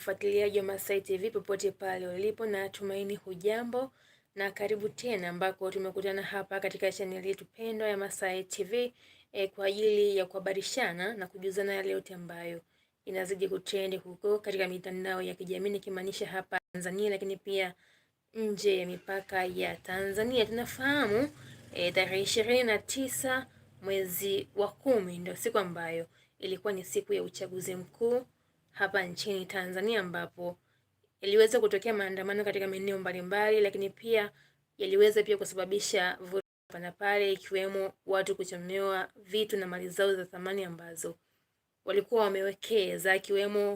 Mfuatiliaji wa Masai TV popote pale ulipo, na tumaini hujambo na karibu tena, ambako tumekutana hapa katika chaneli yetu pendwa ya Masai TV e, eh, kwa ajili ya kuhabarishana na kujuzana yale yote ambayo inazidi kutrend huko katika mitandao ya kijamii, nikimaanisha hapa Tanzania, lakini pia nje ya mipaka ya Tanzania. Tunafahamu e, tarehe ishirini na tisa mwezi wa kumi ndio siku ambayo ilikuwa ni siku ya uchaguzi mkuu hapa nchini Tanzania ambapo yaliweza kutokea maandamano katika maeneo mbalimbali, lakini pia yaliweza pia kusababisha vurugu na pale, ikiwemo watu kuchomewa vitu na mali zao za thamani ambazo walikuwa wamewekeza, akiwemo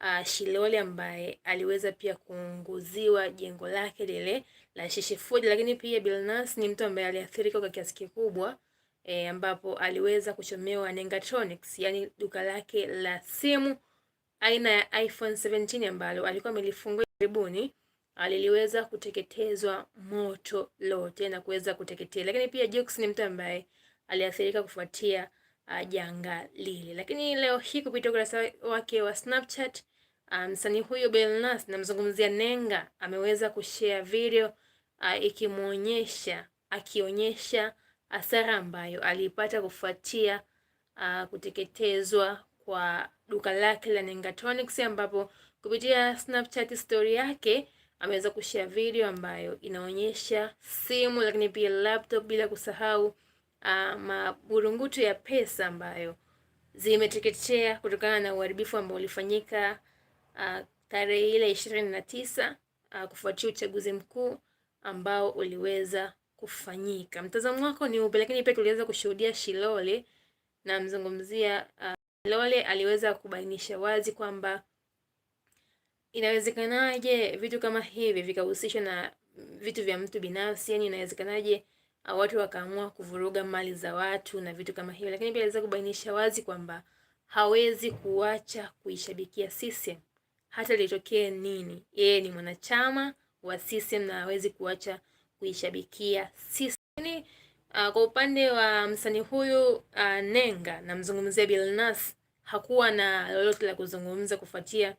uh, Shilole ambaye aliweza pia kuunguziwa jengo lake lile la Shishi Food, lakini pia Bilnas ni mtu ambaye aliathirika kwa kiasi kikubwa e, ambapo aliweza kuchomewa Negatronics, yani duka lake la simu aina ya iPhone 17 ambalo alikuwa amelifungua karibuni aliliweza ah, kuteketezwa moto lote na kuweza kuteketea. Lakini pia Jux ni mtu ambaye aliathirika kufuatia uh, janga lile. Lakini leo hii kupitia ukurasa wake wa Snapchat ah, msanii um, huyo Billnass namzungumzia Nenga ameweza kushare video uh, ikimwonyesha akionyesha hasara ambayo aliipata kufuatia uh, kuteketezwa kwa duka lake la Nengatronics ambapo kupitia Snapchat story yake ameweza kushare video ambayo inaonyesha simu lakini pia laptop, bila kusahau uh, maburungutu ya pesa ambayo zimeteketea kutokana na uharibifu ambao ulifanyika uh, tarehe ile ishirini na tisa uh, kufuatia uchaguzi mkuu ambao uliweza kufanyika. Mtazamo wako ni upi? Lakini pia tuliweza kushuhudia Shilole, mzungumzia uh, Lole aliweza kubainisha wazi kwamba inawezekanaje vitu kama hivi vikahusishwa na vitu vya mtu binafsi, yani inawezekanaje ah, watu wakaamua kuvuruga mali za watu na vitu kama hivyo, lakini pia aliweza kubainisha wazi kwamba hawezi kuacha kuishabikia CCM hata litokee nini. Yeye ni mwanachama wa CCM na hawezi kuacha kuishabikia CCM. Uh, kwa upande wa msanii huyu uh, Nenga namzungumzia bilnas hakuwa na lolote la kuzungumza kufuatia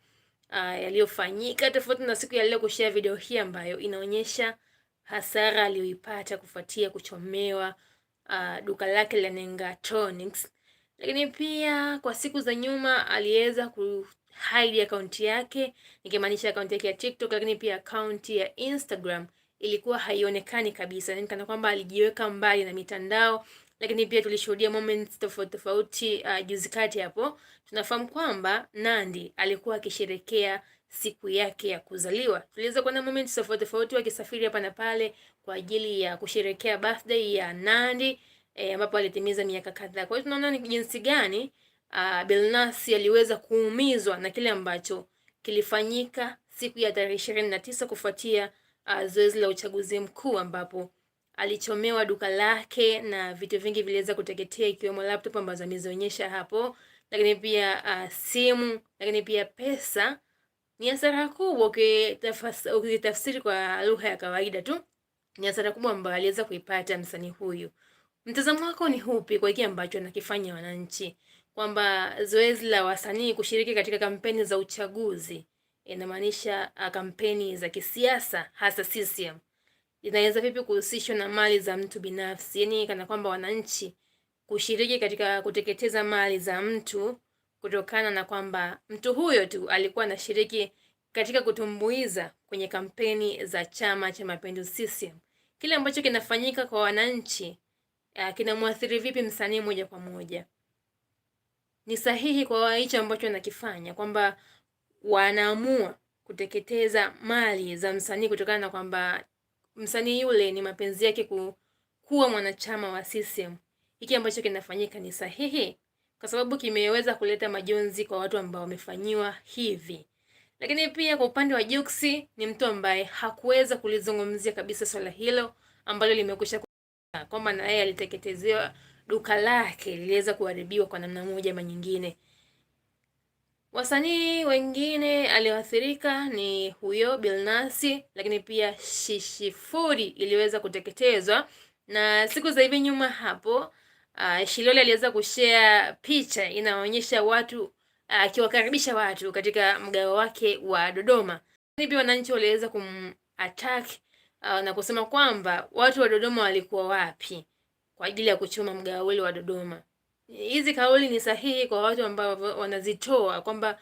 uh, yaliyofanyika, tofauti na siku ya leo kushare video hii ambayo inaonyesha hasara aliyoipata kufuatia kuchomewa uh, duka lake la Tonics. Lakini pia kwa siku za nyuma aliweza ku hide akaunti yake, nikimaanisha akaunti yake ya TikTok, lakini pia akaunti ya Instagram ilikuwa haionekani kabisa, yani kana kwamba alijiweka mbali na mitandao. Lakini pia tulishuhudia moments tofauti tofauti. Uh, juzi kati hapo tunafahamu kwamba Nandi alikuwa akisherekea siku yake ya kuzaliwa. Tuliweza kuona moments tofauti tofauti wakisafiri hapa na pale kwa ajili ya kusherekea birthday ya Nandy eh, ambapo e, alitimiza miaka kadhaa. Kwa hiyo tunaona ni jinsi gani uh, Billnass aliweza kuumizwa na kile ambacho kilifanyika siku ya tarehe ishirini na tisa kufuatia uh, zoezi la uchaguzi mkuu ambapo alichomewa duka lake na vitu vingi viliweza kuteketea ikiwemo laptop ambazo amezionyesha hapo, lakini pia uh, simu, lakini pia pesa. Ni hasara kubwa ukitafsiri kwa lugha ya kawaida tu, ni hasara kubwa ambayo aliweza kuipata msanii huyu. Mtazamo wako ni upi kwa hiki ambacho anakifanya wananchi, kwamba zoezi la wasanii kushiriki katika kampeni za uchaguzi inamaanisha uh, kampeni za kisiasa hasa CCM inaweza vipi kuhusishwa na mali za mtu binafsi? Yaani kana kwamba wananchi kushiriki katika kuteketeza mali za mtu kutokana na kwamba mtu huyo tu alikuwa anashiriki katika kutumbuiza kwenye kampeni za Chama cha Mapinduzi CCM. Kile ambacho kinafanyika kwa wananchi uh, kinamwathiri vipi msanii moja kwa moja? Ni sahihi kwa hicho ambacho anakifanya kwamba wanaamua kuteketeza mali za msanii kutokana na kwamba msanii yule ni mapenzi yake kuwa mwanachama wa CCM. Hiki ambacho kinafanyika ni sahihi, kwa sababu kimeweza kuleta majonzi kwa watu ambao wamefanyiwa hivi. Lakini pia kwa upande wa Jux, ni mtu ambaye hakuweza kulizungumzia kabisa swala hilo ambalo limekwisha kwamba na yeye aliteketezewa, duka lake liliweza kuharibiwa kwa namna moja ama nyingine. Wasanii wengine alioathirika ni huyo bilnasi lakini pia Shishifuri iliweza kuteketezwa na siku za hivi nyuma hapo. Uh, Shilole aliweza kushare picha inaonyesha watu ah, akiwakaribisha uh, watu katika mgao wake wa Dodoma. Lakini pia wananchi waliweza kumattack uh, na kusema kwamba watu wa Dodoma walikuwa wapi kwa ajili ya kuchuma mgao ule wa Dodoma hizi kauli ni sahihi kwa watu ambao wanazitoa kwamba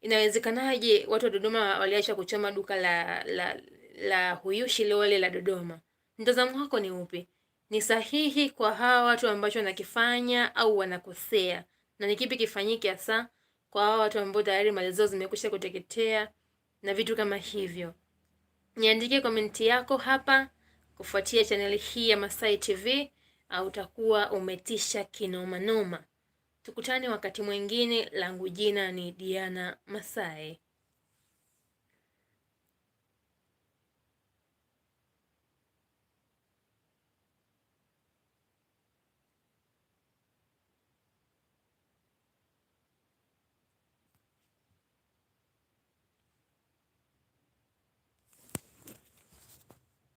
inawezekanaje watu wa Dodoma waliacha kuchoma duka la la, la huyushi lole la Dodoma. Mtazamo wako ni upi? Ni sahihi kwa hawa watu ambacho wanakifanya au wanakosea, na ni kipi kifanyike hasa kwa hawa watu ambao tayari mali zao zimekwisha kuteketea na vitu kama hivyo? Niandikie komenti yako hapa kufuatia chaneli hii ya Masai TV au utakuwa umetisha kinomanoma. Tukutane wakati mwingine. Langu jina ni Diana Masai.